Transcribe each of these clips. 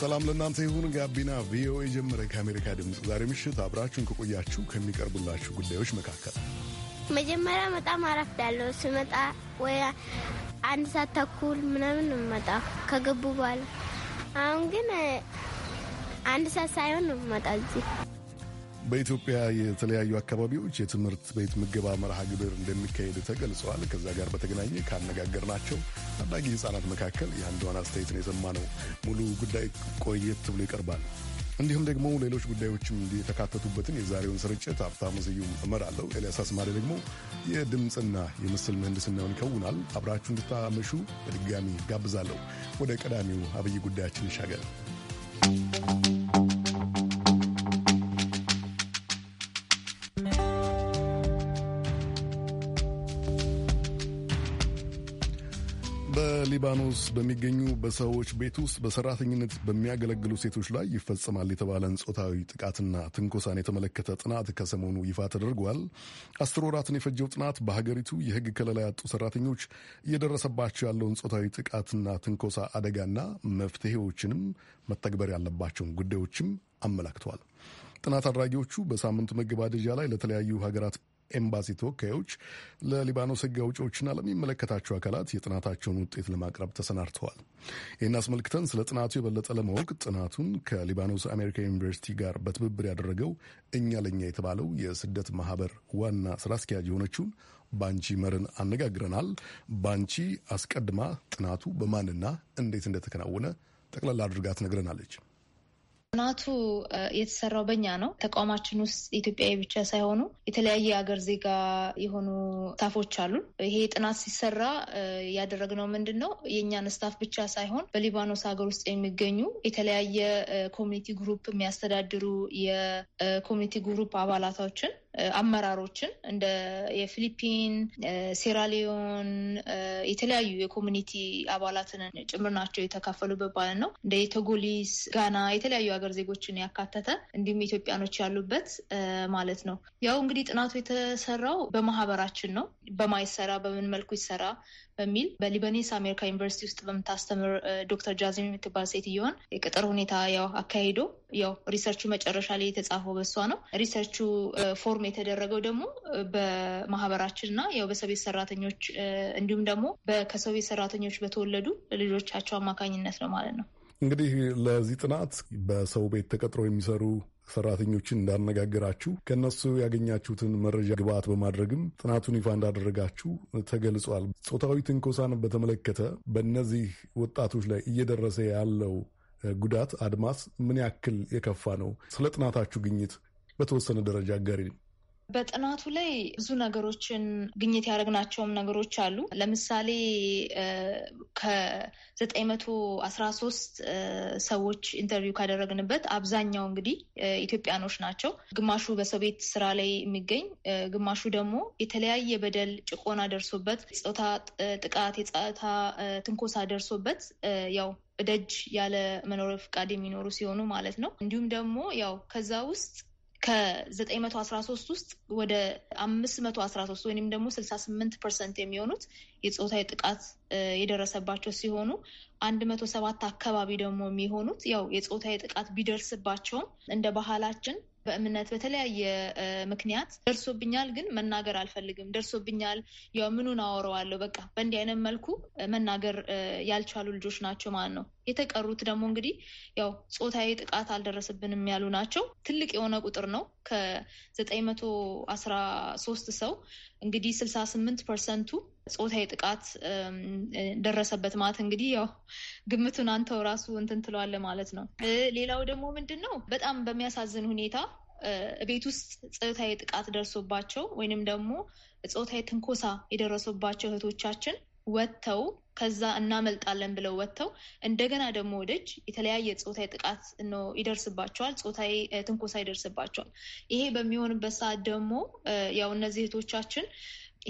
ሰላም ለእናንተ ይሁን። ጋቢና ቪኦኤ ጀመረ። ከአሜሪካ ድምፅ ዛሬ ምሽት አብራችሁን ከቆያችሁ ከሚቀርቡላችሁ ጉዳዮች መካከል መጀመሪያ በጣም አረፍዳለሁ። ስመጣ ወይ አንድ ሰዓት ተኩል ምናምን መጣ ከገቡ በኋላ። አሁን ግን አንድ ሰዓት ሳይሆን መጣ እዚህ በኢትዮጵያ የተለያዩ አካባቢዎች የትምህርት ቤት ምገባ መርሃ ግብር እንደሚካሄድ ተገልጸዋል። ከዛ ጋር በተገናኘ ካነጋገርናቸው ታዳጊ ሕጻናት መካከል የአንዷን አስተያየትን የሰማነው ሙሉ ጉዳይ ቆየት ብሎ ይቀርባል። እንዲሁም ደግሞ ሌሎች ጉዳዮችም የተካተቱበትን የዛሬውን ስርጭት ሀብታሙ ስዩም እመራለሁ። ኤልያስ አስማሪ ደግሞ የድምፅና የምስል ምህንድስናውን ይከውናል። አብራችሁ እንድታመሹ በድጋሚ ጋብዛለሁ። ወደ ቀዳሚው አብይ ጉዳያችን ይሻገል። ሊባኖስ በሚገኙ በሰዎች ቤት ውስጥ በሰራተኝነት በሚያገለግሉ ሴቶች ላይ ይፈጸማል የተባለን ጾታዊ ጥቃትና ትንኮሳን የተመለከተ ጥናት ከሰሞኑ ይፋ ተደርጓል። አስር ወራትን የፈጀው ጥናት በሀገሪቱ የሕግ ከለላ ያጡ ሰራተኞች እየደረሰባቸው ያለውን ጾታዊ ጥቃትና ትንኮሳ አደጋና መፍትሄዎችንም መተግበር ያለባቸውን ጉዳዮችም አመላክተዋል። ጥናት አድራጊዎቹ በሳምንቱ መገባደጃ ላይ ለተለያዩ ሀገራት ኤምባሲ ተወካዮች ለሊባኖስ ህግ አውጪዎችና ለሚመለከታቸው አካላት የጥናታቸውን ውጤት ለማቅረብ ተሰናድተዋል። ይህን አስመልክተን ስለ ጥናቱ የበለጠ ለማወቅ ጥናቱን ከሊባኖስ አሜሪካ ዩኒቨርሲቲ ጋር በትብብር ያደረገው እኛ ለእኛ የተባለው የስደት ማህበር ዋና ስራ አስኪያጅ የሆነችውን ባንቺ መርን አነጋግረናል። ባንቺ አስቀድማ ጥናቱ በማንና እንዴት እንደተከናወነ ጠቅላላ አድርጋ ትነግረናለች። ጥናቱ የተሰራው በኛ ነው። ተቋማችን ውስጥ ኢትዮጵያዊ ብቻ ሳይሆኑ የተለያየ ሀገር ዜጋ የሆኑ ስታፎች አሉ። ይሄ ጥናት ሲሰራ ያደረግነው ምንድን ነው የእኛን ስታፍ ብቻ ሳይሆን በሊባኖስ ሀገር ውስጥ የሚገኙ የተለያየ ኮሚኒቲ ግሩፕ የሚያስተዳድሩ የኮሚኒቲ ግሩፕ አባላቶችን አመራሮችን እንደ የፊሊፒን፣ ሴራሊዮን የተለያዩ የኮሚኒቲ አባላትን ጭምር ናቸው የተካፈሉበት ባለ ነው። እንደ የቶጎሊስ፣ ጋና የተለያዩ ሀገር ዜጎችን ያካተተ እንዲሁም ኢትዮጵያኖች ያሉበት ማለት ነው። ያው እንግዲህ ጥናቱ የተሰራው በማህበራችን ነው። በማይሰራ በምን መልኩ ይሰራ በሚል በሊበኔስ አሜሪካ ዩኒቨርሲቲ ውስጥ በምታስተምር ዶክተር ጃዝሚን የምትባል ሴትዮዋን የቅጥር ሁኔታ ያው አካሂዶ ያው ሪሰርቹ መጨረሻ ላይ የተጻፈው በሷ ነው። ሪሰርቹ ፎርም የተደረገው ደግሞ በማህበራችን እና ያው በሰቤት ሰራተኞች እንዲሁም ደግሞ ከሰቤት ሰራተኞች በተወለዱ ልጆቻቸው አማካኝነት ነው ማለት ነው። እንግዲህ ለዚህ ጥናት በሰው ቤት ተቀጥሮ የሚሰሩ ሰራተኞችን እንዳነጋገራችሁ ከእነሱ ያገኛችሁትን መረጃ ግብዓት በማድረግም ጥናቱን ይፋ እንዳደረጋችሁ ተገልጿል። ጾታዊ ትንኮሳን በተመለከተ በእነዚህ ወጣቶች ላይ እየደረሰ ያለው ጉዳት አድማስ ምን ያክል የከፋ ነው? ስለ ጥናታችሁ ግኝት በተወሰነ ደረጃ አጋሪ ነው። በጥናቱ ላይ ብዙ ነገሮችን ግኝት ያደረግናቸውም ነገሮች አሉ። ለምሳሌ ከዘጠኝ መቶ አስራ ሶስት ሰዎች ኢንተርቪው ካደረግንበት አብዛኛው እንግዲህ ኢትዮጵያኖች ናቸው። ግማሹ በሰው ቤት ስራ ላይ የሚገኝ ግማሹ ደግሞ የተለያየ በደል ጭቆና ደርሶበት የፆታ ጥቃት፣ የፆታ ትንኮሳ ደርሶበት ያው ደጅ ያለ መኖሪያ ፈቃድ የሚኖሩ ሲሆኑ ማለት ነው። እንዲሁም ደግሞ ያው ከዛ ውስጥ ከ913 ውስጥ ወደ 513 ወይም ደግሞ 68 ፐርሰንት የሚሆኑት የፆታዊ ጥቃት የደረሰባቸው ሲሆኑ 107 አካባቢ ደግሞ የሚሆኑት ያው የፆታዊ ጥቃት ቢደርስባቸውም እንደ ባህላችን በእምነት በተለያየ ምክንያት ደርሶብኛል፣ ግን መናገር አልፈልግም። ደርሶብኛል ያው ምኑን አወራዋለሁ በቃ በእንዲህ አይነት መልኩ መናገር ያልቻሉ ልጆች ናቸው ማለት ነው። የተቀሩት ደግሞ እንግዲህ ያው ጾታዊ ጥቃት አልደረሰብንም ያሉ ናቸው። ትልቅ የሆነ ቁጥር ነው። ከዘጠኝ መቶ አስራ ሶስት ሰው እንግዲህ ስልሳ ስምንት ፐርሰንቱ ጾታዊ ጥቃት ደረሰበት ማለት እንግዲህ ያው ግምቱን አንተው ራሱ እንትን ትለዋለ ማለት ነው። ሌላው ደግሞ ምንድን ነው በጣም በሚያሳዝን ሁኔታ ቤት ውስጥ ጾታዊ ጥቃት ደርሶባቸው ወይንም ደግሞ ጾታዊ ትንኮሳ የደረሱባቸው እህቶቻችን ወጥተው ከዛ እናመልጣለን ብለው ወጥተው እንደገና ደግሞ ወደጅ የተለያየ ጾታዊ ጥቃት ይደርስባቸዋል፣ ጾታዊ ትንኮሳ ይደርስባቸዋል። ይሄ በሚሆንበት ሰዓት ደግሞ ያው እነዚህ እህቶቻችን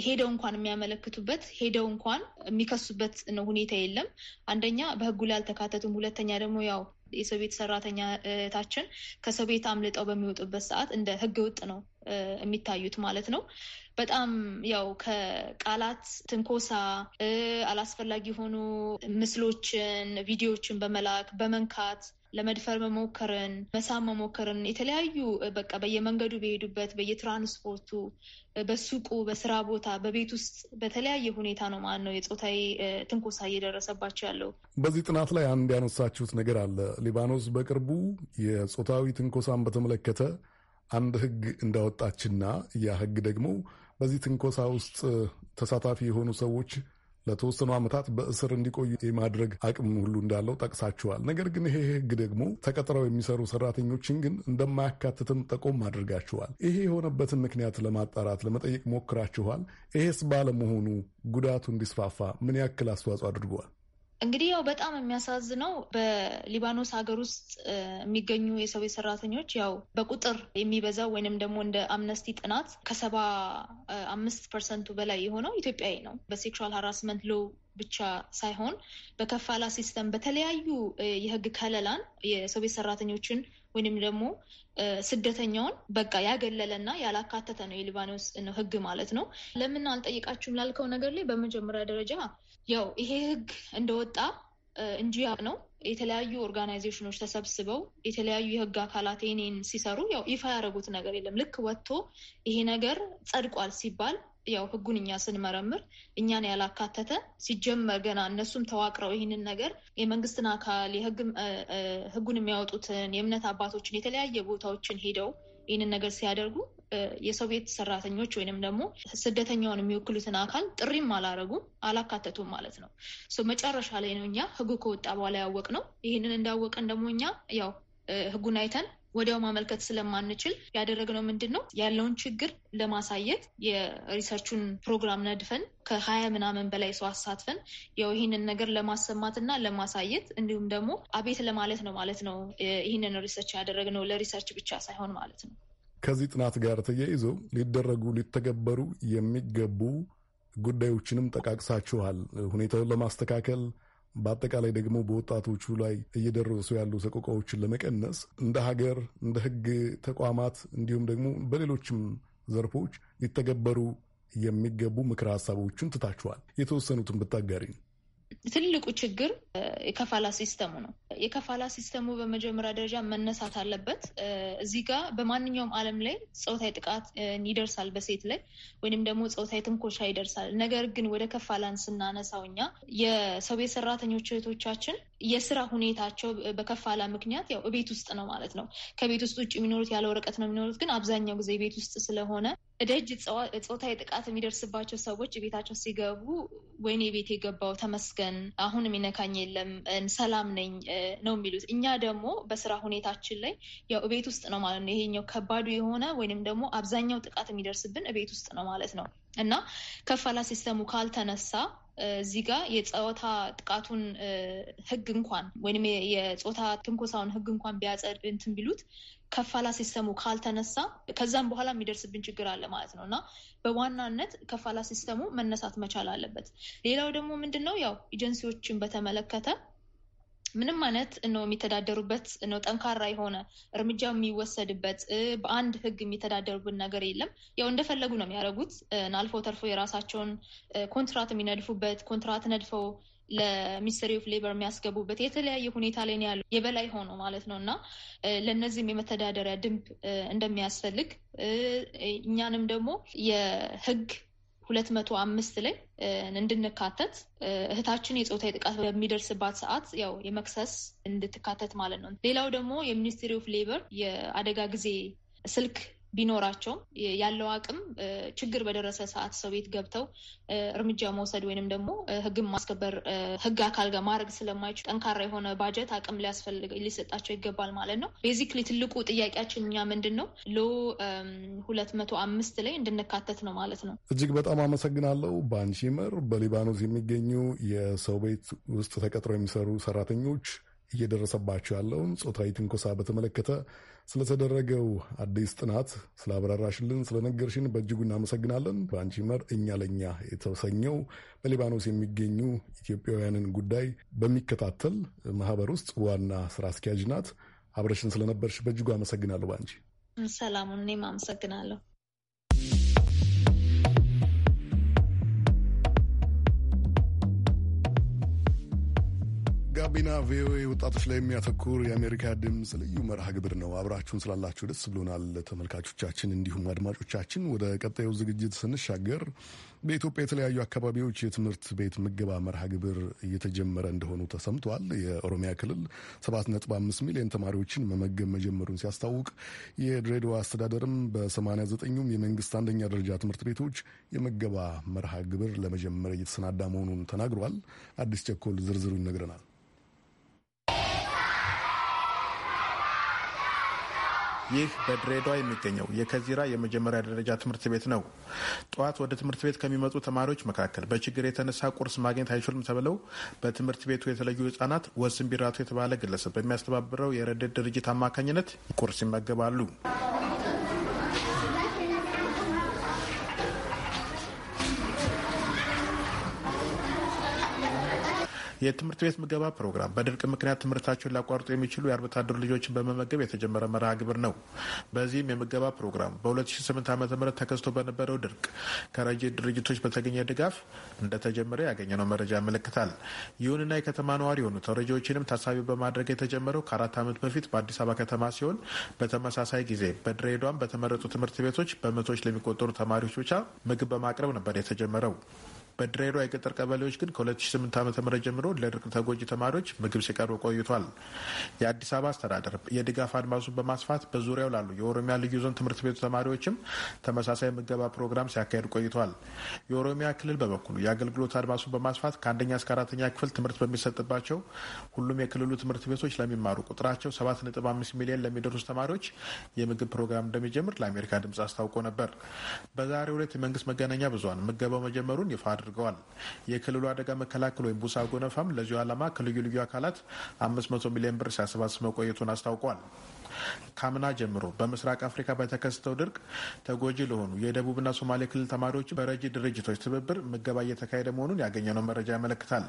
ሄደው እንኳን የሚያመለክቱበት ሄደው እንኳን የሚከሱበት ነው ሁኔታ የለም። አንደኛ በህጉ ላይ አልተካተቱም። ሁለተኛ ደግሞ ያው የሰው ቤት ሰራተኛታችን ከሰው ቤት አምልጠው በሚወጡበት ሰዓት እንደ ህገ ወጥ ነው የሚታዩት ማለት ነው። በጣም ያው ከቃላት ትንኮሳ፣ አላስፈላጊ የሆኑ ምስሎችን፣ ቪዲዮዎችን በመላክ በመንካት ለመድፈር መሞከርን፣ መሳም መሞከርን የተለያዩ በቃ በየመንገዱ በሄዱበት በየትራንስፖርቱ፣ በሱቁ፣ በስራ ቦታ፣ በቤት ውስጥ በተለያየ ሁኔታ ነው ማለት ነው የፆታዊ ትንኮሳ እየደረሰባቸው ያለው። በዚህ ጥናት ላይ አንድ ያነሳችሁት ነገር አለ። ሊባኖስ በቅርቡ የፆታዊ ትንኮሳን በተመለከተ አንድ ህግ እንዳወጣችና ያ ህግ ደግሞ በዚህ ትንኮሳ ውስጥ ተሳታፊ የሆኑ ሰዎች ለተወሰኑ ዓመታት በእስር እንዲቆዩ የማድረግ አቅም ሁሉ እንዳለው ጠቅሳችኋል። ነገር ግን ይሄ ህግ ደግሞ ተቀጥረው የሚሰሩ ሰራተኞችን ግን እንደማያካትትም ጠቆም አድርጋችኋል። ይሄ የሆነበትን ምክንያት ለማጣራት ለመጠየቅ ሞክራችኋል። ይሄስ ባለመሆኑ ጉዳቱ እንዲስፋፋ ምን ያክል አስተዋጽኦ አድርገዋል? እንግዲህ ያው በጣም የሚያሳዝነው በሊባኖስ ሀገር ውስጥ የሚገኙ የሰው ሰራተኞች ያው በቁጥር የሚበዛው ወይንም ደግሞ እንደ አምነስቲ ጥናት ከሰባ አምስት ፐርሰንቱ በላይ የሆነው ኢትዮጵያዊ ነው። በሴክሹዋል ሀራስመንት ሎ ብቻ ሳይሆን በከፋላ ሲስተም በተለያዩ የህግ ከለላን የሰው ቤት ሰራተኞችን ወይም ደግሞ ስደተኛውን በቃ ያገለለና ያላካተተ ነው የሊባኖስ ህግ ማለት ነው። ለምን አልጠይቃችሁም ላልከው ነገር ላይ በመጀመሪያ ደረጃ ያው ይሄ ህግ እንደወጣ እንጂ ያ ነው የተለያዩ ኦርጋናይዜሽኖች ተሰብስበው የተለያዩ የህግ አካላት ይህንን ሲሰሩ ያው ይፋ ያደረጉት ነገር የለም። ልክ ወጥቶ ይሄ ነገር ጸድቋል ሲባል ያው ህጉን እኛ ስንመረምር እኛን ያላካተተ ሲጀመር ገና እነሱም ተዋቅረው ይህንን ነገር የመንግስትን አካል ህጉን የሚያወጡትን የእምነት አባቶችን የተለያየ ቦታዎችን ሄደው ይህንን ነገር ሲያደርጉ የሰው ቤት ሰራተኞች ወይንም ደግሞ ስደተኛውን የሚወክሉትን አካል ጥሪም አላረጉም፣ አላካተቱም ማለት ነው። መጨረሻ ላይ ነው እኛ ህጉ ከወጣ በኋላ ያወቅ ነው። ይህንን እንዳወቀን ደግሞ እኛ ያው ህጉን አይተን ወዲያው ማመልከት ስለማንችል ያደረግነው ምንድን ነው ያለውን ችግር ለማሳየት የሪሰርቹን ፕሮግራም ነድፈን ከሀያ ምናምን በላይ ሰው አሳትፈን ያው ይህንን ነገር ለማሰማት ና ለማሳየት እንዲሁም ደግሞ አቤት ለማለት ነው ማለት ነው። ይህንን ሪሰርች ያደረግነው ለሪሰርች ብቻ ሳይሆን ማለት ነው። ከዚህ ጥናት ጋር ተያይዞ ሊደረጉ ሊተገበሩ የሚገቡ ጉዳዮችንም ጠቃቅሳችኋል። ሁኔታውን ለማስተካከል በአጠቃላይ ደግሞ በወጣቶቹ ላይ እየደረሱ ያሉ ሰቆቃዎችን ለመቀነስ እንደ ሀገር እንደ ህግ ተቋማት እንዲሁም ደግሞ በሌሎችም ዘርፎች ሊተገበሩ የሚገቡ ምክረ ሀሳቦችን ትታችኋል። የተወሰኑትን ብታጋሪ። ትልቁ ችግር የከፋላ ሲስተሙ ነው። የከፋላ ሲስተሙ በመጀመሪያ ደረጃ መነሳት አለበት። እዚህ ጋር በማንኛውም ዓለም ላይ ፆታዊ ጥቃት ይደርሳል በሴት ላይ ወይንም ደግሞ ፆታዊ ትንኮሻ ይደርሳል። ነገር ግን ወደ ከፋላን ስናነሳው እኛ የሰው ቤት ሰራተኞች እህቶቻችን የስራ ሁኔታቸው በከፋላ ምክንያት ያው ቤት ውስጥ ነው ማለት ነው። ከቤት ውስጥ ውጭ የሚኖሩት ያለ ወረቀት ነው የሚኖሩት። ግን አብዛኛው ጊዜ ቤት ውስጥ ስለሆነ ደጅ ፆታዊ ጥቃት የሚደርስባቸው ሰዎች ቤታቸው ሲገቡ ወይኔ ቤት የገባው ተመስገን፣ አሁንም ይነካኝ የለም፣ ሰላም ነኝ ነው የሚሉት። እኛ ደግሞ በስራ ሁኔታችን ላይ ያው እቤት ውስጥ ነው ማለት ነው። ይሄኛው ከባዱ የሆነ ወይንም ደግሞ አብዛኛው ጥቃት የሚደርስብን እቤት ውስጥ ነው ማለት ነው እና ከፋላ ሲስተሙ ካልተነሳ እዚህ ጋር የፆታ ጥቃቱን ህግ እንኳን ወይም የፆታ ትንኮሳውን ህግ እንኳን ቢያጸድ እንትን ቢሉት ከፋላ ሲስተሙ ካልተነሳ ከዛም በኋላ የሚደርስብን ችግር አለ ማለት ነው እና በዋናነት ከፋላ ሲስተሙ መነሳት መቻል አለበት። ሌላው ደግሞ ምንድን ነው ያው ኤጀንሲዎችን በተመለከተ ምንም አይነት ነው የሚተዳደሩበት ነው ጠንካራ የሆነ እርምጃ የሚወሰድበት በአንድ ህግ የሚተዳደሩበት ነገር የለም። ያው እንደፈለጉ ነው የሚያደረጉት አልፎ ተርፎ የራሳቸውን ኮንትራት የሚነድፉበት ኮንትራት ነድፈው ለሚኒስትሪ ኦፍ ሌበር የሚያስገቡበት የተለያየ ሁኔታ ላይ ያሉ የበላይ ሆኖ ማለት ነው። እና ለእነዚህም የመተዳደሪያ ድንብ እንደሚያስፈልግ እኛንም ደግሞ የህግ ሁለት መቶ አምስት ላይ እንድንካተት እህታችን የፆታ ጥቃት በሚደርስባት ሰዓት ያው የመክሰስ እንድትካተት ማለት ነው። ሌላው ደግሞ የሚኒስትሪ ኦፍ ሌበር የአደጋ ጊዜ ስልክ ቢኖራቸውም ያለው አቅም ችግር በደረሰ ሰዓት ሰው ቤት ገብተው እርምጃ መውሰድ ወይንም ደግሞ ህግ ማስከበር ህግ አካል ጋር ማድረግ ስለማይችሉ ጠንካራ የሆነ ባጀት አቅም ሊያስፈልግ ሊሰጣቸው ይገባል ማለት ነው። ቤዚክሊ ትልቁ ጥያቄያችን እኛ ምንድን ነው ሎ ሁለት መቶ አምስት ላይ እንድንካተት ነው ማለት ነው። እጅግ በጣም አመሰግናለሁ። በአንቺመር በሊባኖስ የሚገኙ የሰው ቤት ውስጥ ተቀጥረው የሚሰሩ ሰራተኞች እየደረሰባቸው ያለውን ጾታዊ ትንኮሳ በተመለከተ ስለተደረገው አዲስ ጥናት ስላብራራሽልን፣ ስለነገርሽን በእጅጉ እናመሰግናለን። በአንቺ መር እኛ ለእኛ የተሰኘው በሊባኖስ የሚገኙ ኢትዮጵያውያንን ጉዳይ በሚከታተል ማህበር ውስጥ ዋና ስራ አስኪያጅ ናት። አብረሽን ስለነበርሽ በእጅጉ አመሰግናለሁ። በአንቺ ሰላሙ እኔም አመሰግናለሁ። ጋቢና ቪኦኤ ወጣቶች ላይ የሚያተኩር የአሜሪካ ድምፅ ልዩ መርሃ ግብር ነው። አብራችሁን ስላላችሁ ደስ ብሎናል ተመልካቾቻችን፣ እንዲሁም አድማጮቻችን። ወደ ቀጣዩ ዝግጅት ስንሻገር በኢትዮጵያ የተለያዩ አካባቢዎች የትምህርት ቤት ምገባ መርሃ ግብር እየተጀመረ እንደሆኑ ተሰምቷል። የኦሮሚያ ክልል 7.5 ሚሊዮን ተማሪዎችን መመገብ መጀመሩን ሲያስታውቅ የድሬዳዋ አስተዳደርም በ89ኙም የመንግስት አንደኛ ደረጃ ትምህርት ቤቶች የምገባ መርሃ ግብር ለመጀመር እየተሰናዳ መሆኑን ተናግሯል። አዲስ ቸኮል ዝርዝሩ ይነግረናል። ይህ በድሬዳዋ የሚገኘው የከዚራ የመጀመሪያ ደረጃ ትምህርት ቤት ነው። ጠዋት ወደ ትምህርት ቤት ከሚመጡ ተማሪዎች መካከል በችግር የተነሳ ቁርስ ማግኘት አይችሉም ተብለው በትምህርት ቤቱ የተለዩ ህጻናት ወስን ቢራቱ የተባለ ግለሰብ በሚያስተባብረው የረድድ ድርጅት አማካኝነት ቁርስ ይመገባሉ። የትምህርት ቤት ምገባ ፕሮግራም በድርቅ ምክንያት ትምህርታቸውን ሊያቋርጡ የሚችሉ የአርብቶ አደር ልጆችን በመመገብ የተጀመረ መርሃ ግብር ነው። በዚህም የምገባ ፕሮግራም በ2008 ዓ ም ተከስቶ በነበረው ድርቅ ከረጂ ድርጅቶች በተገኘ ድጋፍ እንደተጀመረ ያገኘነው መረጃ ያመለክታል። ይሁንና የከተማ ነዋሪ የሆኑ ተረጂዎችንም ታሳቢ በማድረግ የተጀመረው ከአራት ዓመት በፊት በአዲስ አበባ ከተማ ሲሆን በተመሳሳይ ጊዜ በድሬዳዋም በተመረጡ ትምህርት ቤቶች በመቶዎች ለሚቆጠሩ ተማሪዎች ብቻ ምግብ በማቅረብ ነበር የተጀመረው። በድሬዳዋ የገጠር ቀበሌዎች ግን ከ2008 ዓ ም ጀምሮ ለድርቅ ተጎጂ ተማሪዎች ምግብ ሲቀርብ ቆይቷል። የአዲስ አበባ አስተዳደር የድጋፍ አድማሱን በማስፋት በዙሪያው ላሉ የኦሮሚያ ልዩ ዞን ትምህርት ቤቱ ተማሪዎችም ተመሳሳይ ምገባ ፕሮግራም ሲያካሄድ ቆይቷል። የኦሮሚያ ክልል በበኩሉ የአገልግሎት አድማሱን በማስፋት ከአንደኛ እስከ አራተኛ ክፍል ትምህርት በሚሰጥባቸው ሁሉም የክልሉ ትምህርት ቤቶች ለሚማሩ ቁጥራቸው 7.5 ሚሊዮን ለሚደርሱ ተማሪዎች የምግብ ፕሮግራም እንደሚጀምር ለአሜሪካ ድምጽ አስታውቆ ነበር። በዛሬው ዕለት የመንግስት መገናኛ ብዙኃን ምገባው መጀመሩን ይፋ አድርጓል። አድርገዋል። የክልሉ አደጋ መከላከል ወይም ቡሳ ጎነፋም ለዚሁ ዓላማ ከልዩ ልዩ አካላት 500 ሚሊዮን ብር ሲያሰባስብ መቆየቱን አስታውቋል። ካምና ጀምሮ በምስራቅ አፍሪካ በተከሰተው ድርቅ ተጎጂ ለሆኑ የደቡብና ሶማሌ ክልል ተማሪዎች በረጂ ድርጅቶች ትብብር ምገባ እየተካሄደ መሆኑን ያገኘነው መረጃ ያመለክታል።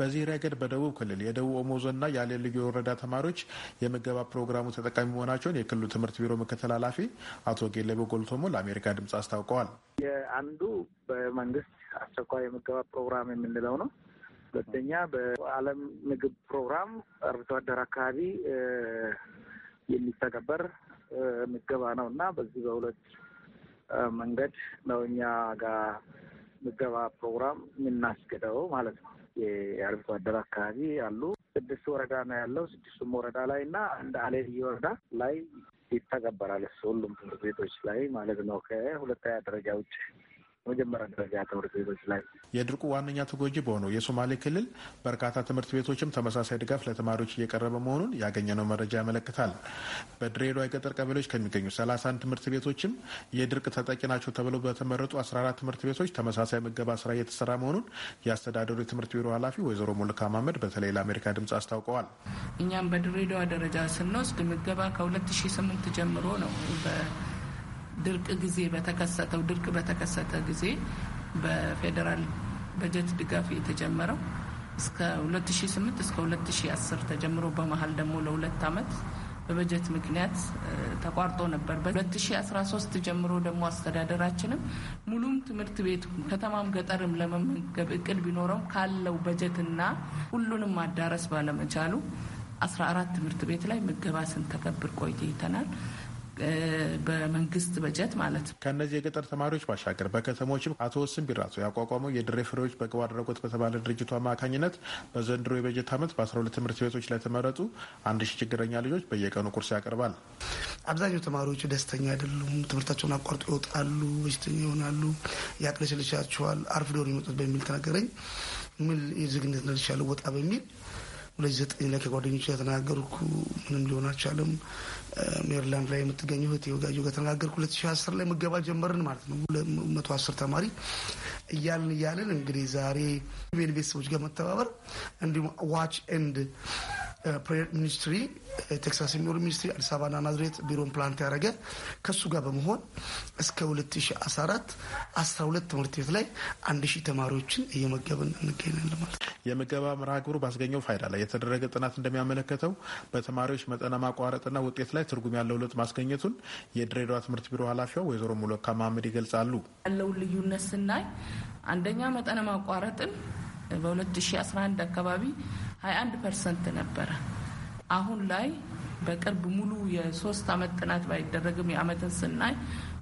በዚህ ረገድ በደቡብ ክልል የደቡብ ኦሞ ዞንና ያሌ ልዩ ወረዳ ተማሪዎች የምገባ ፕሮግራሙ ተጠቃሚ መሆናቸውን የክልሉ ትምህርት ቢሮ ምክትል ኃላፊ አቶ ጌሌቦ ጎልቶሞ ለአሜሪካ ድምጽ አስታውቀዋል። የአንዱ በመንግስት አስቸኳይ የምገባ ፕሮግራም የምንለው ነው። ሁለተኛ በዓለም ምግብ ፕሮግራም አርብቶ አደር አካባቢ የሚተገበር ምገባ ነው እና በዚህ በሁለት መንገድ ነው እኛ ጋር ምገባ ፕሮግራም የምናስገደው ማለት ነው። የአርብቶ አደር አካባቢ አሉ ስድስት ወረዳ ነው ያለው። ስድስቱም ወረዳ ላይ እና አንድ አሌልዬ ወረዳ ላይ ይተገበራል። ሁሉም ትምህርት ቤቶች ላይ ማለት ነው ከሁለተኛ ደረጃ ውጭ መጀመሪያ ደረጃ ትምህርት ቤቶች ላይ። የድርቁ ዋነኛ ተጎጂ በሆነው የሶማሌ ክልል በርካታ ትምህርት ቤቶችም ተመሳሳይ ድጋፍ ለተማሪዎች እየቀረበ መሆኑን ያገኘነው መረጃ ያመለክታል። በድሬዳዋ የገጠር ቀበሌዎች ከሚገኙ 31 ትምህርት ቤቶችም የድርቅ ተጠቂ ናቸው ተብለው በተመረጡ 14 ትምህርት ቤቶች ተመሳሳይ ምገባ ስራ እየተሰራ መሆኑን የአስተዳደሩ የትምህርት ቢሮ ኃላፊ ወይዘሮ ሙልካ ማመድ በተለይ ለአሜሪካ ድምጽ አስታውቀዋል። እኛም በድሬዳዋ ደረጃ ስንወስድ ምገባ ከ2008 ጀምሮ ነው ድርቅ ጊዜ በተከሰተው ድርቅ በተከሰተ ጊዜ በፌዴራል በጀት ድጋፍ የተጀመረው እስከ 2008 እስከ 2010 ተጀምሮ በመሀል ደግሞ ለሁለት ዓመት በበጀት ምክንያት ተቋርጦ ነበር። በ2013 ጀምሮ ደግሞ አስተዳደራችንም ሙሉም ትምህርት ቤቱ ከተማም ገጠርም ለመመገብ እቅድ ቢኖረውም ካለው በጀትና ሁሉንም ማዳረስ ባለመቻሉ 14 ትምህርት ቤት ላይ ምገባ ስንተገብር ቆይተናል። በመንግስት በጀት ማለት ነው። ከእነዚህ የገጠር ተማሪዎች ባሻገር በከተሞችም አቶ ወስን ቢራሶ ያቋቋመው የድሬ ፍሬዎች በግብ አድረጎት በተባለ ድርጅቱ አማካኝነት በዘንድሮ የበጀት ዓመት በ12 ትምህርት ቤቶች ለተመረጡ አንድ ሺ ችግረኛ ልጆች በየቀኑ ቁርስ ያቀርባል። አብዛኛው ተማሪዎቹ ደስተኛ አይደሉም። ትምህርታቸውን አቋርጦ ይወጣሉ፣ በሽተኛ ይሆናሉ፣ ያቅለሽልሻቸዋል። አርፍዶ ነው የሚመጡት በሚል ተናገረኝ። ምን የዝግነት ነልሻለ ወጣ በሚል ሁለት ዘጠኝ ላይ ከጓደኞች የተናገርኩ ምንም ሊሆን አልቻለም። ሜሪላንድ ላይ የምትገኘ እህቴ ወጋጆ ከተነጋገርኩ 2010 ላይ ምገባ ጀመርን ማለት ነው። መቶ አስር ተማሪ እያልን እያልን እንግዲህ ዛሬ ቤተሰቦች ጋር መተባበር እንዲሁም ዋች ኤንድ ፕሬየር ሚኒስትሪ ቴክሳስ የሚኖር ሚኒስትሪ አዲስ አበባና ናዝሬት ቢሮን ፕላንት ያደረገ ከእሱ ጋር በመሆን እስከ 2014 12 ትምህርት ቤት ላይ አንድ ሺህ ተማሪዎችን እየመገብን እንገኛለን ማለት ነው። የምገባ መርሃ ግብሩ ባስገኘው ፋይዳ ላይ የተደረገ ጥናት እንደሚያመለከተው በተማሪዎች መጠነ ማቋረጥና ውጤት ላይ ትርጉም ያለው ለውጥ ማስገኘቱን የድሬዳዋ ትምህርት ቢሮ ኃላፊዋ ወይዘሮ ሙሎካ ማህመድ ይገልጻሉ። ያለውን ልዩነት ስናይ አንደኛ መጠነ ማቋረጥን በ2011 አካባቢ 21 ፐርሰንት ነበረ። አሁን ላይ በቅርብ ሙሉ የሶስት አመት ጥናት ባይደረግም የአመትን ስናይ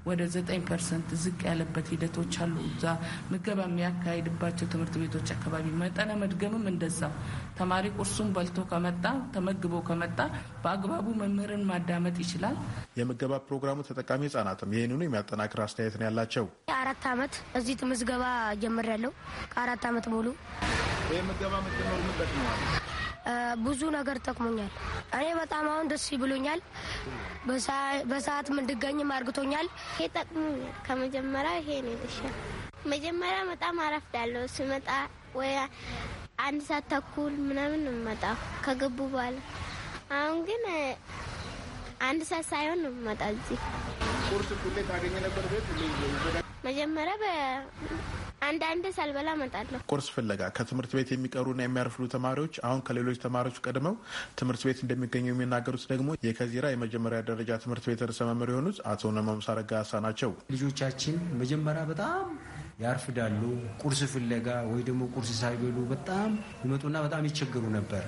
ወደ 9 ፐርሰንት ዝቅ ያለበት ሂደቶች አሉ። እዛ ምገባ የሚያካሄድባቸው ትምህርት ቤቶች አካባቢ መጠነ መድገምም እንደዛው ተማሪ ቁርሱን በልቶ ከመጣ ተመግቦ ከመጣ በአግባቡ መምህርን ማዳመጥ ይችላል። የምገባ ፕሮግራሙ ተጠቃሚ ህጻናትም ይህንኑ የሚያጠናክር አስተያየት ነው ያላቸው። አራት ዓመት እዚህ ምዝገባ ጀምሬያለሁ። ከአራት ዓመት ሙሉ ይህ ምገባ ብዙ ነገር ጠቅሞኛል። እኔ በጣም አሁን ደስ ይብሎኛል። በሰዓት እንድገኝም አርግቶኛል። ይሄ ጠቅሞኛል። ከመጀመሪያ ይሄ ነው የተሻለ። መጀመሪያ በጣም አረፍዳለሁ ስመጣ ወይ አንድ ሰዓት ተኩል ምናምን መጣ ከገቡ በኋላ። አሁን ግን አንድ ሰዓት ሳይሆን ነው መጣ እዚህ መጀመሪያ አንዳንድ ሳልበላ እመጣለሁ። ቁርስ ፍለጋ ከትምህርት ቤት የሚቀሩና የሚያርፍሉ ተማሪዎች አሁን ከሌሎች ተማሪዎች ቀድመው ትምህርት ቤት እንደሚገኙ የሚናገሩት ደግሞ የከዚራ የመጀመሪያ ደረጃ ትምህርት ቤት ርዕሰ መምህር የሆኑት አቶ ነመሙሳ ረጋሳ ናቸው። ልጆቻችን መጀመሪያ በጣም ያርፍዳሉ። ቁርስ ፍለጋ ወይ ደግሞ ቁርስ ሳይበሉ በጣም ይመጡና በጣም ይቸግሩ ነበር።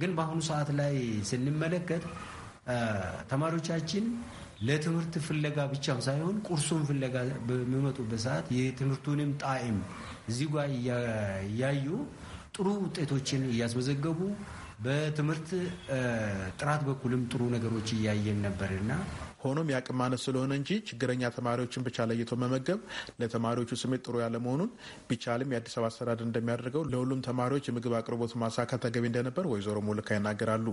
ግን በአሁኑ ሰዓት ላይ ስንመለከት ተማሪዎቻችን ለትምህርት ፍለጋ ብቻም ሳይሆን ቁርሱን ፍለጋ በሚመጡበት ሰዓት የትምህርቱንም ጣዕም እዚህ ጋር እያዩ ጥሩ ውጤቶችን እያስመዘገቡ በትምህርት ጥራት በኩልም ጥሩ ነገሮች እያየን ነበርና። ሆኖም የአቅም ማነስ ስለሆነ እንጂ ችግረኛ ተማሪዎችን ብቻ ለይቶ መመገብ ለተማሪዎቹ ስሜት ጥሩ ያለመሆኑን ቢቻልም የአዲስ አበባ አስተዳደር እንደሚያደርገው ለሁሉም ተማሪዎች የምግብ አቅርቦት ማሳካት ተገቢ እንደነበር ወይዘሮ ሙልካ ይናገራሉ።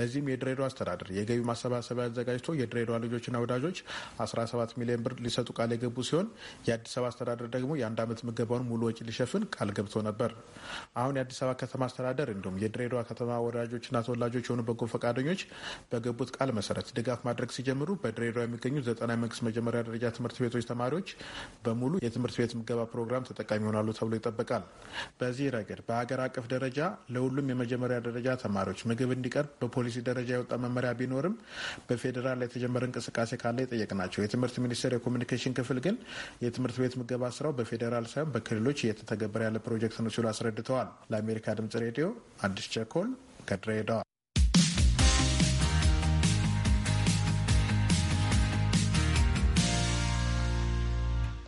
ለዚህም የድሬዳዋ አስተዳደር የገቢ ማሰባሰቢያ አዘጋጅቶ የድሬዳዋ ልጆችና ወዳጆች 17 ሚሊዮን ብር ሊሰጡ ቃል የገቡ ሲሆን የአዲስ አበባ አስተዳደር ደግሞ የአንድ ዓመት ምገባውን ሙሉ ወጪ ሊሸፍን ቃል ገብቶ ነበር። አሁን የአዲስ አበባ ከተማ አስተዳደር እንዲሁም የድሬዳዋ ከተማ ወዳጆችና ተወላጆች የሆኑ በጎ ፈቃደኞች በገቡት ቃል መሰረት ድጋፍ ማድረግ ሲጀምሩ በድሬዳዋ የሚገኙ ዘጠና የመንግስት መጀመሪያ ደረጃ ትምህርት ቤቶች ተማሪዎች በሙሉ የትምህርት ቤት ምገባ ፕሮግራም ተጠቃሚ ይሆናሉ ተብሎ ይጠበቃል። በዚህ ረገድ በሀገር አቀፍ ደረጃ ለሁሉም የመጀመሪያ ደረጃ ተማሪዎች ምግብ እንዲቀርብ በፖሊሲ ደረጃ የወጣ መመሪያ ቢኖርም በፌዴራል ላይ የተጀመረ እንቅስቃሴ ካለ የጠየቅ ናቸው። የትምህርት ሚኒስቴር የኮሚኒኬሽን ክፍል ግን የትምህርት ቤት ምገባ ስራው በፌዴራል ሳይሆን በክልሎች እየተተገበረ ያለ ፕሮጀክት ነው ሲሉ አስረድተዋል። ለአሜሪካ ድምጽ ሬዲዮ አዲስ ቸኮል ከድሬዳዋ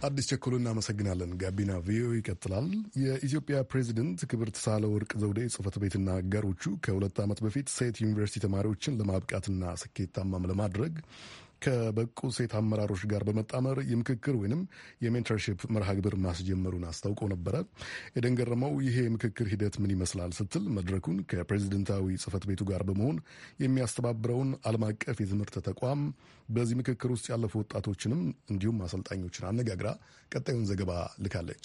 አዲስ ቸኮሎ እናመሰግናለን። ጋቢና ቪኦኤ ይቀጥላል። የኢትዮጵያ ፕሬዚደንት ክብርት ወርቅ ዘውዴ ጽህፈት ቤትና አጋሮቹ ከሁለት ዓመት በፊት ሴት ዩኒቨርሲቲ ተማሪዎችን ለማብቃትና ስኬታማም ለማድረግ ከበቁ ሴት አመራሮች ጋር በመጣመር የምክክር ወይንም የሜንተርሺፕ መርሃ ግብር ማስጀመሩን አስታውቆ ነበረ። ኤደን ገረመው ይሄ የምክክር ሂደት ምን ይመስላል ስትል መድረኩን ከፕሬዚደንታዊ ጽህፈት ቤቱ ጋር በመሆን የሚያስተባብረውን ዓለም አቀፍ የትምህርት ተቋም በዚህ ምክክር ውስጥ ያለፉ ወጣቶችንም እንዲሁም አሰልጣኞችን አነጋግራ ቀጣዩን ዘገባ ልካለች።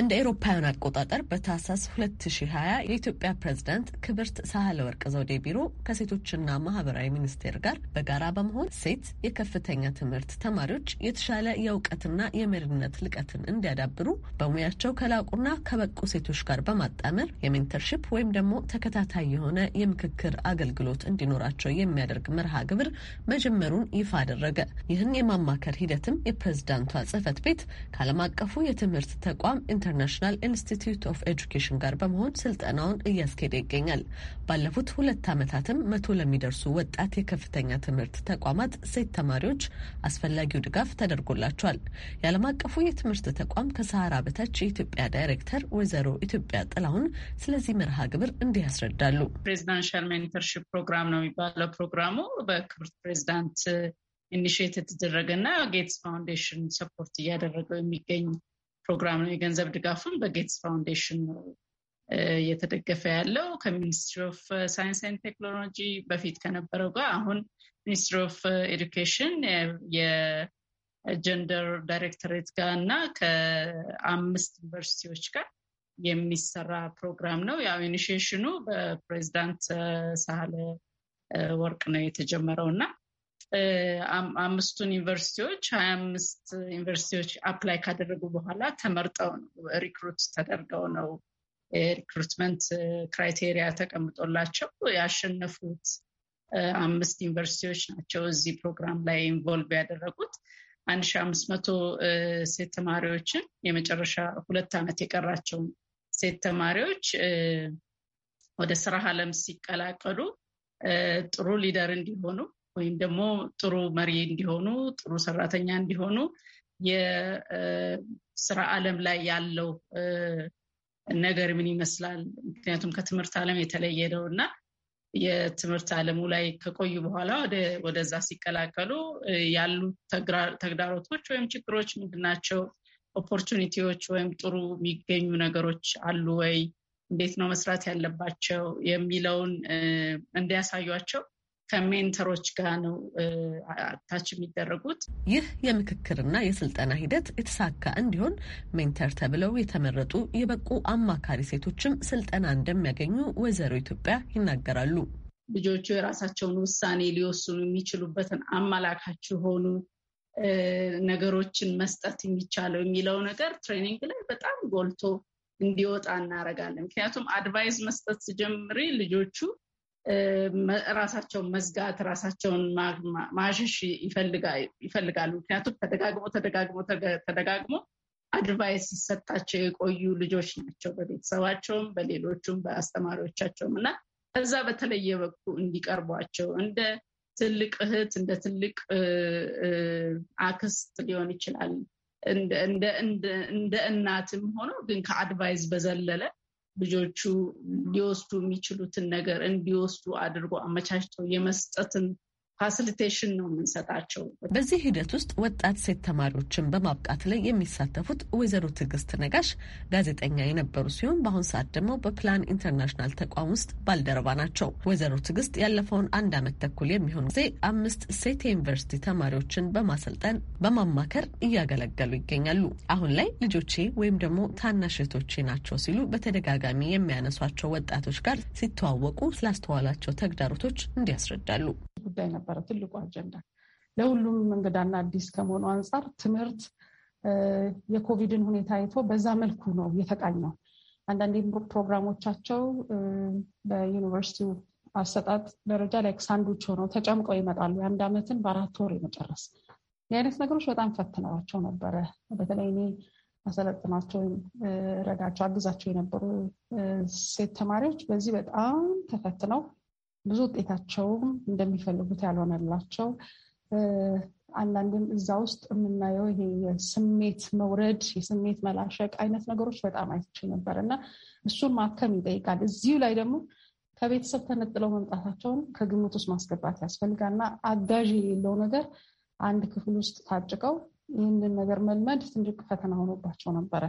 እንደ ኤሮፓውያን አቆጣጠር በታህሳስ 2020 የኢትዮጵያ ፕሬዝዳንት ክብርት ወርቅ ዘውዴ ቢሮ ከሴቶችና ማህበራዊ ሚኒስቴር ጋር በጋራ በመሆን ሴት የከፍተኛ ትምህርት ተማሪዎች የተሻለ የእውቀትና የመሪነት ልቀትን እንዲያዳብሩ በሙያቸው ከላቁና ከበቁ ሴቶች ጋር በማጣመር የሜንተርሺፕ ወይም ደግሞ ተከታታይ የሆነ የምክክር አገልግሎት እንዲኖራቸው የሚያደርግ መርሃ ግብር መጀመሩን ይፋ አደረገ። ይህን የማማከር ሂደትም የፕሬዝዳንቷ ጽህፈት ቤት ከዓለም አቀፉ የትምህርት ተቋም ኢንተርናሽናል ኢንስቲትዩት ኦፍ ኤጁኬሽን ጋር በመሆን ስልጠናውን እያስኬደ ይገኛል። ባለፉት ሁለት ዓመታትም መቶ ለሚደርሱ ወጣት የከፍተኛ ትምህርት ተቋማት ሴት ተማሪዎች አስፈላጊው ድጋፍ ተደርጎላቸዋል። የዓለም አቀፉ የትምህርት ተቋም ከሰሃራ በታች የኢትዮጵያ ዳይሬክተር ወይዘሮ ኢትዮጵያ ጥላሁን ስለዚህ መርሃ ግብር እንዲህ ያስረዳሉ። ፕሬዚዳንሻል ሜንተርሺፕ ፕሮግራም ነው የሚባለው። ፕሮግራሙ በክብርት ፕሬዚዳንት ኢኒሽት የተደረገ እና ጌትስ ፋውንዴሽን ሰፖርት እያደረገው የሚገኝ ፕሮግራም ነው። የገንዘብ ድጋፉን በጌትስ ፋውንዴሽን ነው እየተደገፈ ያለው ከሚኒስትሪ ኦፍ ሳይንስ ኤንድ ቴክኖሎጂ በፊት ከነበረው ጋር አሁን ሚኒስትሪ ኦፍ ኤዱኬሽን የጀንደር ዳይሬክተሬት ጋር እና ከአምስት ዩኒቨርሲቲዎች ጋር የሚሰራ ፕሮግራም ነው። ያው ኢኒሽሽኑ በፕሬዚዳንት ሳህለ ወርቅ ነው የተጀመረው እና አምስቱን ዩኒቨርሲቲዎች ሀያ አምስት ዩኒቨርሲቲዎች አፕላይ ካደረጉ በኋላ ተመርጠው ነው ሪክሩት ተደርገው ነው የሪክሩትመንት ክራይቴሪያ ተቀምጦላቸው ያሸነፉት አምስት ዩኒቨርሲቲዎች ናቸው እዚህ ፕሮግራም ላይ ኢንቮልቭ ያደረጉት። አንድ ሺ አምስት መቶ ሴት ተማሪዎችን የመጨረሻ ሁለት ዓመት የቀራቸውን ሴት ተማሪዎች ወደ ስራ አለም ሲቀላቀሉ ጥሩ ሊደር እንዲሆኑ ወይም ደግሞ ጥሩ መሪ እንዲሆኑ፣ ጥሩ ሰራተኛ እንዲሆኑ የስራ ዓለም ላይ ያለው ነገር ምን ይመስላል? ምክንያቱም ከትምህርት ዓለም የተለየ ነው እና የትምህርት ዓለሙ ላይ ከቆዩ በኋላ ወደዛ ሲቀላቀሉ ያሉ ተግዳሮቶች ወይም ችግሮች ምንድናቸው? ኦፖርቹኒቲዎች ወይም ጥሩ የሚገኙ ነገሮች አሉ ወይ? እንዴት ነው መስራት ያለባቸው የሚለውን እንዲያሳዩቸው ከሜንተሮች ጋር ነው አታች የሚደረጉት። ይህ የምክክርና የስልጠና ሂደት የተሳካ እንዲሆን ሜንተር ተብለው የተመረጡ የበቁ አማካሪ ሴቶችም ስልጠና እንደሚያገኙ ወይዘሮ ኢትዮጵያ ይናገራሉ። ልጆቹ የራሳቸውን ውሳኔ ሊወስኑ የሚችሉበትን አመላካች የሆኑ ነገሮችን መስጠት የሚቻለው የሚለው ነገር ትሬኒንግ ላይ በጣም ጎልቶ እንዲወጣ እናደርጋለን። ምክንያቱም አድቫይዝ መስጠት ስጀምሪ ልጆቹ ራሳቸውን መዝጋት ራሳቸውን ማሸሽ ይፈልጋሉ። ምክንያቱም ተደጋግሞ ተደጋግሞ ተደጋግሞ አድቫይስ ሲሰጣቸው የቆዩ ልጆች ናቸው፣ በቤተሰባቸውም፣ በሌሎቹም፣ በአስተማሪዎቻቸውም እና ከዛ በተለየ በኩ እንዲቀርቧቸው እንደ ትልቅ እህት እንደ ትልቅ አክስት ሊሆን ይችላል እንደ እናትም ሆኖ ግን ከአድቫይዝ በዘለለ ልጆቹ ሊወስዱ የሚችሉትን ነገር እንዲወስዱ አድርጎ አመቻችተው የመስጠትን ፋሲሊቴሽን ነው የምንሰጣቸው። በዚህ ሂደት ውስጥ ወጣት ሴት ተማሪዎችን በማብቃት ላይ የሚሳተፉት ወይዘሮ ትዕግስት ነጋሽ ጋዜጠኛ የነበሩ ሲሆን በአሁን ሰዓት ደግሞ በፕላን ኢንተርናሽናል ተቋም ውስጥ ባልደረባ ናቸው። ወይዘሮ ትዕግስት ያለፈውን አንድ ዓመት ተኩል የሚሆን ጊዜ አምስት ሴት የዩኒቨርሲቲ ተማሪዎችን በማሰልጠን በማማከር እያገለገሉ ይገኛሉ። አሁን ላይ ልጆቼ ወይም ደግሞ ታናሽ እህቶቼ ናቸው ሲሉ በተደጋጋሚ የሚያነሷቸው ወጣቶች ጋር ሲተዋወቁ ስላስተዋላቸው ተግዳሮቶች እንዲያስረዳሉ ጉዳይ ነበረ ትልቁ አጀንዳ። ለሁሉም እንግዳና አዲስ ከመሆኑ አንጻር ትምህርት የኮቪድን ሁኔታ አይቶ በዛ መልኩ ነው የተቃኘው። አንዳንዴ ፕሮግራሞቻቸው በዩኒቨርሲቲው አሰጣጥ ደረጃ ላይ ሳንዱች ሆነው ተጨምቀው ይመጣሉ። የአንድ ዓመትን በአራት ወር የመጨረስ የአይነት ነገሮች በጣም ፈትነዋቸው ነበረ። በተለይ እኔ አሰለጥናቸው ረዳቸው፣ አግዛቸው የነበሩ ሴት ተማሪዎች በዚህ በጣም ተፈትነው ብዙ ውጤታቸውም እንደሚፈልጉት ያልሆነላቸው አንዳንድም እዛ ውስጥ የምናየው ይሄ የስሜት መውረድ የስሜት መላሸቅ አይነት ነገሮች በጣም አይችል ነበር እና እሱን ማከም ይጠይቃል። እዚሁ ላይ ደግሞ ከቤተሰብ ተነጥለው መምጣታቸውን ከግምት ውስጥ ማስገባት ያስፈልጋል እና አጋዥ የሌለው ነገር አንድ ክፍል ውስጥ ታጭቀው ይህንን ነገር መልመድ ትልቅ ፈተና ሆኖባቸው ነበረ።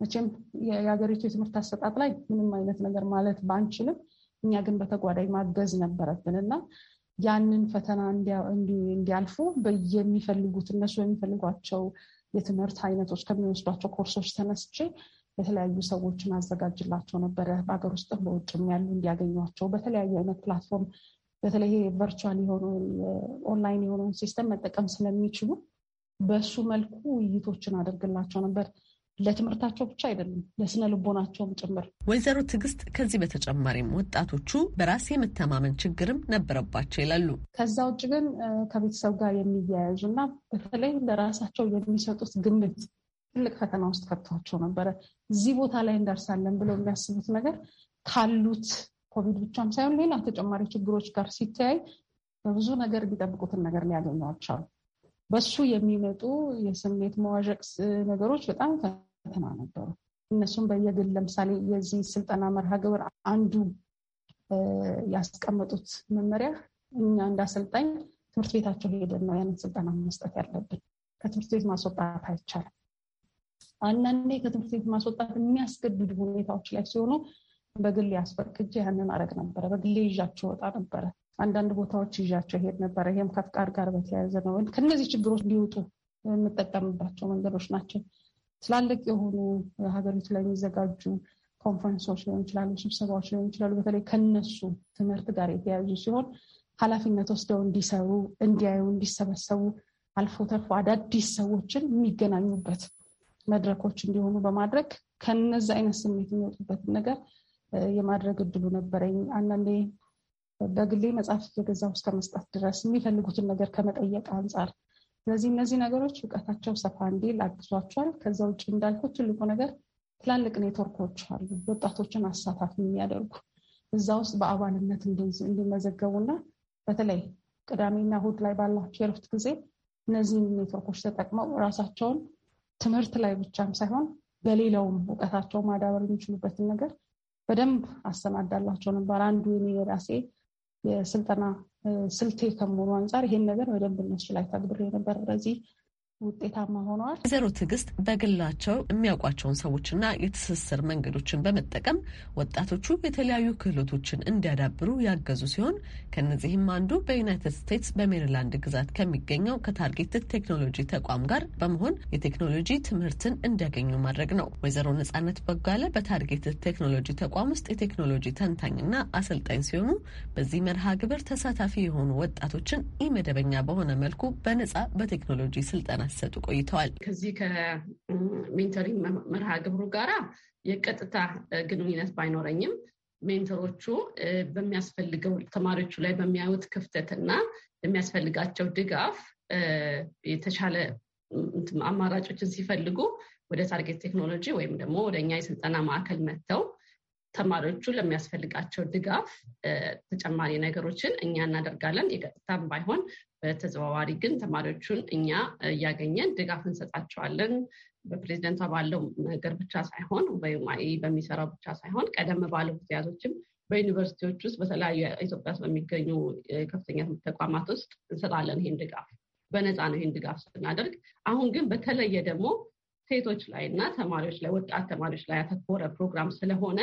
መቼም የሀገሪቱ የትምህርት አሰጣጥ ላይ ምንም አይነት ነገር ማለት ባንችልም እኛ ግን በተጓዳኝ ማገዝ ነበረብን እና ያንን ፈተና እንዲያልፉ የሚፈልጉት እነሱ የሚፈልጓቸው የትምህርት አይነቶች ከሚወስዷቸው ኮርሶች ተነስቼ የተለያዩ ሰዎችን አዘጋጅላቸው ነበረ። በሀገር ውስጥም በውጭም ያሉ እንዲያገኟቸው በተለያዩ አይነት ፕላትፎርም በተለይ ቨርቹዋል የሆነውን ኦንላይን የሆነውን ሲስተም መጠቀም ስለሚችሉ በእሱ መልኩ ውይይቶችን አደርግላቸው ነበር። ለትምህርታቸው ብቻ አይደለም ለስነ ልቦናቸውም ጭምር። ወይዘሮ ትዕግስት ከዚህ በተጨማሪም ወጣቶቹ በራስ የመተማመን ችግርም ነበረባቸው ይላሉ። ከዛ ውጭ ግን ከቤተሰብ ጋር የሚያያዙ እና በተለይ ለራሳቸው የሚሰጡት ግምት ትልቅ ፈተና ውስጥ ከቷቸው ነበረ። እዚህ ቦታ ላይ እንደርሳለን ብለው የሚያስቡት ነገር ካሉት ኮቪድ ብቻም ሳይሆን ሌላ ተጨማሪ ችግሮች ጋር ሲተያይ በብዙ ነገር የሚጠብቁትን ነገር ሊያገኙ በሱ የሚመጡ የስሜት መዋዠቅ ነገሮች በጣም ፈተና ነበሩ። እነሱም በየግል ለምሳሌ የዚህ ስልጠና መርሃ ግብር አንዱ ያስቀመጡት መመሪያ እኛ እንዳሰልጣኝ ትምህርት ቤታቸው ሄደን ነው ያንን ስልጠና መስጠት ያለብን። ከትምህርት ቤት ማስወጣት አይቻልም። አንዳንዴ ከትምህርት ቤት ማስወጣት የሚያስገድዱ ሁኔታዎች ላይ ሲሆኑ በግሌ አስፈቅጄ ያንን አረግ ነበረ። በግሌ ይዣቸው ወጣ ነበረ። አንዳንድ ቦታዎች ይዣቸው ሄድ ነበረ። ይህም ከፍቃድ ጋር በተያያዘ ነው። ከነዚህ ችግሮች ሊወጡ የምጠቀምባቸው መንገዶች ናቸው። ትላልቅ የሆኑ ሀገሪቱ ላይ የሚዘጋጁ ኮንፈረንሶች ሊሆን ይችላሉ፣ ስብሰባዎች ሊሆን ይችላሉ። በተለይ ከነሱ ትምህርት ጋር የተያያዙ ሲሆን ኃላፊነት ወስደው እንዲሰሩ፣ እንዲያዩ፣ እንዲሰበሰቡ አልፎ ተርፎ አዳዲስ ሰዎችን የሚገናኙበት መድረኮች እንዲሆኑ በማድረግ ከነዚ አይነት ስሜት የሚወጡበትን ነገር የማድረግ እድሉ ነበረኝ። አንዳንዴ በግሌ መጽሐፍ የገዛሁ እስከ መስጠት ድረስ የሚፈልጉትን ነገር ከመጠየቅ አንጻር ስለዚህ እነዚህ ነገሮች እውቀታቸው ሰፋ እንዲል አግዟቸዋል። ከዛ ውጭ እንዳልኩ ትልቁ ነገር ትላልቅ ኔትወርኮች አሉ፣ ወጣቶችን አሳታፊ የሚያደርጉ እዛ ውስጥ በአባልነት እንዲመዘገቡና በተለይ ቅዳሜና እሁድ ላይ ባላቸው የረፍት ጊዜ እነዚህ ኔትወርኮች ተጠቅመው ራሳቸውን ትምህርት ላይ ብቻም ሳይሆን በሌላውም እውቀታቸው ማዳበር የሚችሉበትን ነገር በደንብ አሰናዳላቸው ነበር። አንዱ የኔ የራሴ የስልጠና ስልቴ ከመሆኑ አንጻር ይሄን ነገር በደንብ እነሱ ላይ ታግብሬ ነበር። ስለዚህ ውጤታማ ሆነዋል። ወይዘሮ ትዕግስት በግላቸው የሚያውቋቸውን ሰዎችና የትስስር መንገዶችን በመጠቀም ወጣቶቹ የተለያዩ ክህሎቶችን እንዲያዳብሩ ያገዙ ሲሆን ከእነዚህም አንዱ በዩናይትድ ስቴትስ በሜሪላንድ ግዛት ከሚገኘው ከታርጌትድ ቴክኖሎጂ ተቋም ጋር በመሆን የቴክኖሎጂ ትምህርትን እንዲያገኙ ማድረግ ነው። ወይዘሮ ነጻነት በጋለ በታርጌትድ ቴክኖሎጂ ተቋም ውስጥ የቴክኖሎጂ ተንታኝና አሰልጣኝ ሲሆኑ በዚህ መርሃ ግብር ተሳታፊ የሆኑ ወጣቶችን ኢመደበኛ በሆነ መልኩ በነጻ በቴክኖሎጂ ስልጠና ሲያሰጡ ቆይተዋል። ከዚህ ከሜንተሪንግ መርሃ ግብሩ ጋራ የቀጥታ ግንኙነት ባይኖረኝም ሜንተሮቹ በሚያስፈልገው ተማሪዎቹ ላይ በሚያዩት ክፍተት እና የሚያስፈልጋቸው ድጋፍ የተሻለ አማራጮችን ሲፈልጉ ወደ ታርጌት ቴክኖሎጂ ወይም ደግሞ ወደ እኛ የስልጠና ማዕከል መጥተው ተማሪዎቹ ለሚያስፈልጋቸው ድጋፍ ተጨማሪ ነገሮችን እኛ እናደርጋለን። የቀጥታም ባይሆን በተዘዋዋሪ ግን ተማሪዎቹን እኛ እያገኘን ድጋፍ እንሰጣቸዋለን። በፕሬዚደንቷ ባለው ነገር ብቻ ሳይሆን ወይም በሚሰራው ብቻ ሳይሆን ቀደም ባለው ጊዜያቶችም በዩኒቨርሲቲዎች ውስጥ በተለያዩ ኢትዮጵያ ውስጥ በሚገኙ ከፍተኛ ትምህርት ተቋማት ውስጥ እንሰጣለን። ይህን ድጋፍ በነፃ ነው። ይህን ድጋፍ ስናደርግ አሁን ግን በተለየ ደግሞ ሴቶች ላይ እና ተማሪዎች ላይ ወጣት ተማሪዎች ላይ ያተኮረ ፕሮግራም ስለሆነ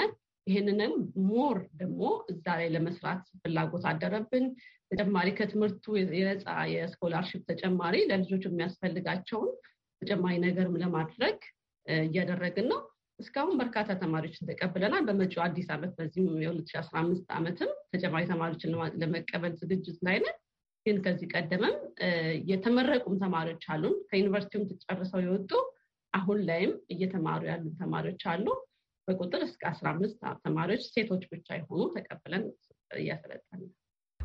ይህንንም ሞር ደግሞ እዛ ላይ ለመስራት ፍላጎት አደረብን። ተጨማሪ ከትምህርቱ የነፃ የስኮላርሽፕ ተጨማሪ ለልጆች የሚያስፈልጋቸውን ተጨማሪ ነገርም ለማድረግ እያደረግን ነው። እስካሁን በርካታ ተማሪዎችን ተቀብለናል። በመጪው አዲስ ዓመት በዚህም የ2015 ዓመትም ተጨማሪ ተማሪዎችን ለመቀበል ዝግጅት ላይ ነን። ግን ከዚህ ቀደምም የተመረቁም ተማሪዎች አሉን። ከዩኒቨርሲቲውም ተጨርሰው የወጡ አሁን ላይም እየተማሩ ያሉ ተማሪዎች አሉ። በቁጥር እስከ አስራ አምስት ተማሪዎች ሴቶች ብቻ የሆኑ ተቀብለን እያሰለጠን ነው።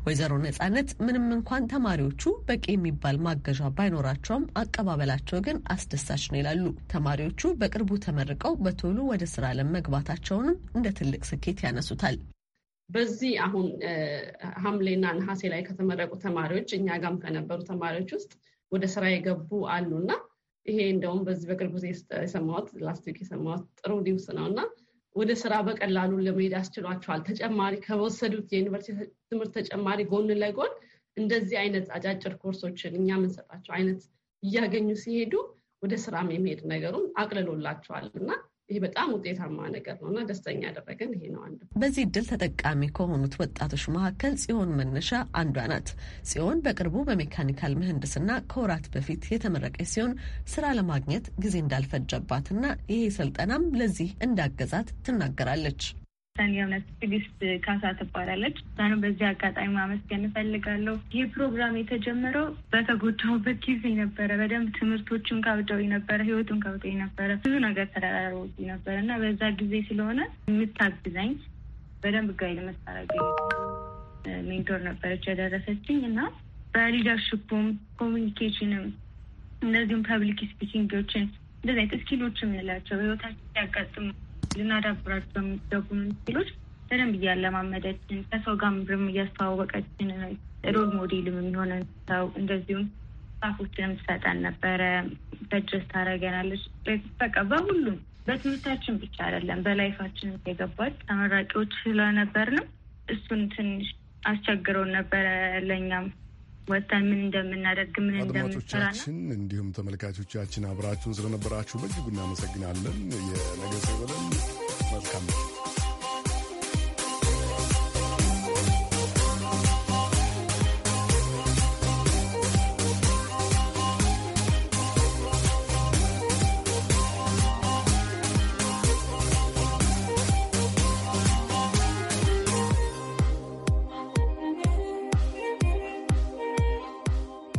ወይዘሮ ነጻነት ምንም እንኳን ተማሪዎቹ በቂ የሚባል ማገዣ ባይኖራቸውም አቀባበላቸው ግን አስደሳች ነው ይላሉ። ተማሪዎቹ በቅርቡ ተመርቀው በቶሎ ወደ ስራ መግባታቸውንም እንደ ትልቅ ስኬት ያነሱታል። በዚህ አሁን ሐምሌና ነሐሴ ላይ ከተመረቁ ተማሪዎች እኛ ጋም ከነበሩ ተማሪዎች ውስጥ ወደ ስራ የገቡ አሉና ይሄ እንደውም በዚህ በቅርብ ጊዜ የሰማሁት ላስት ዊክ የሰማሁት ጥሩ ኒውስ ነው እና ወደ ስራ በቀላሉ ለመሄድ አስችሏቸዋል። ተጨማሪ ከወሰዱት የዩኒቨርሲቲ ትምህርት ተጨማሪ ጎን ለጎን እንደዚህ አይነት አጫጭር ኮርሶችን እኛ የምንሰጣቸው አይነት እያገኙ ሲሄዱ ወደ ስራም የመሄድ ነገሩን አቅልሎላቸዋል እና ይሄ በጣም ውጤታማ ነገር ነው እና ደስተኛ ያደረገን ይሄ ነው አንዱ። በዚህ እድል ተጠቃሚ ከሆኑት ወጣቶች መካከል ጽዮን መነሻ አንዷ ናት። ጽዮን በቅርቡ በሜካኒካል ምህንድስና ከወራት በፊት የተመረቀች ሲሆን ስራ ለማግኘት ጊዜ እንዳልፈጀባትና ይሄ ስልጠናም ለዚህ እንዳገዛት ትናገራለች። ሰን የእውነት ትግስት ካሳ ትባላለች። ዛኑ በዚህ አጋጣሚ ማመስገን እፈልጋለሁ። ይህ ፕሮግራም የተጀመረው በተጎዳሁበት ጊዜ ነበረ። በደንብ ትምህርቶችን ካብደው ነበረ፣ ህይወቱን ካብደው ነበረ፣ ብዙ ነገር ተደራሮ ነበረ እና በዛ ጊዜ ስለሆነ የምታግዛኝ በደንብ ጋይድ መታረገ ሜንቶር ነበረች የደረሰችኝ እና በሊደርሽፑም ኮሚኒኬሽንም እንደዚሁም ፐብሊክ ስፒኪንጎችን እንደዚህ አይነት ስኪሎች የምንላቸው ህይወታችን ያጋጥሙ ልናዳብራቸው በሚገቡን ስኪሎች በደንብ እያለማመደችን ከሰው ጋርም እያስተዋወቀችን ሮል ሞዴልም የሚሆነ ሰው እንደዚሁም ጻፎችንም ትሰጠን ነበረ። በድረስ ታደርገናለች። በቃ በሁሉም በትምህርታችን ብቻ አይደለም በላይፋችን የገባች ተመራቂዎች ስለነበርንም እሱን ትንሽ አስቸግረውን ነበረ ለእኛም ወጥተን ምን እንደምናደርግ ምን አድማጮቻችን፣ እንዲሁም ተመልካቾቻችን አብራችሁን ስለነበራችሁ በእጅጉ እናመሰግናለን። የነገ ሰው ይበለን። መልካም ነው።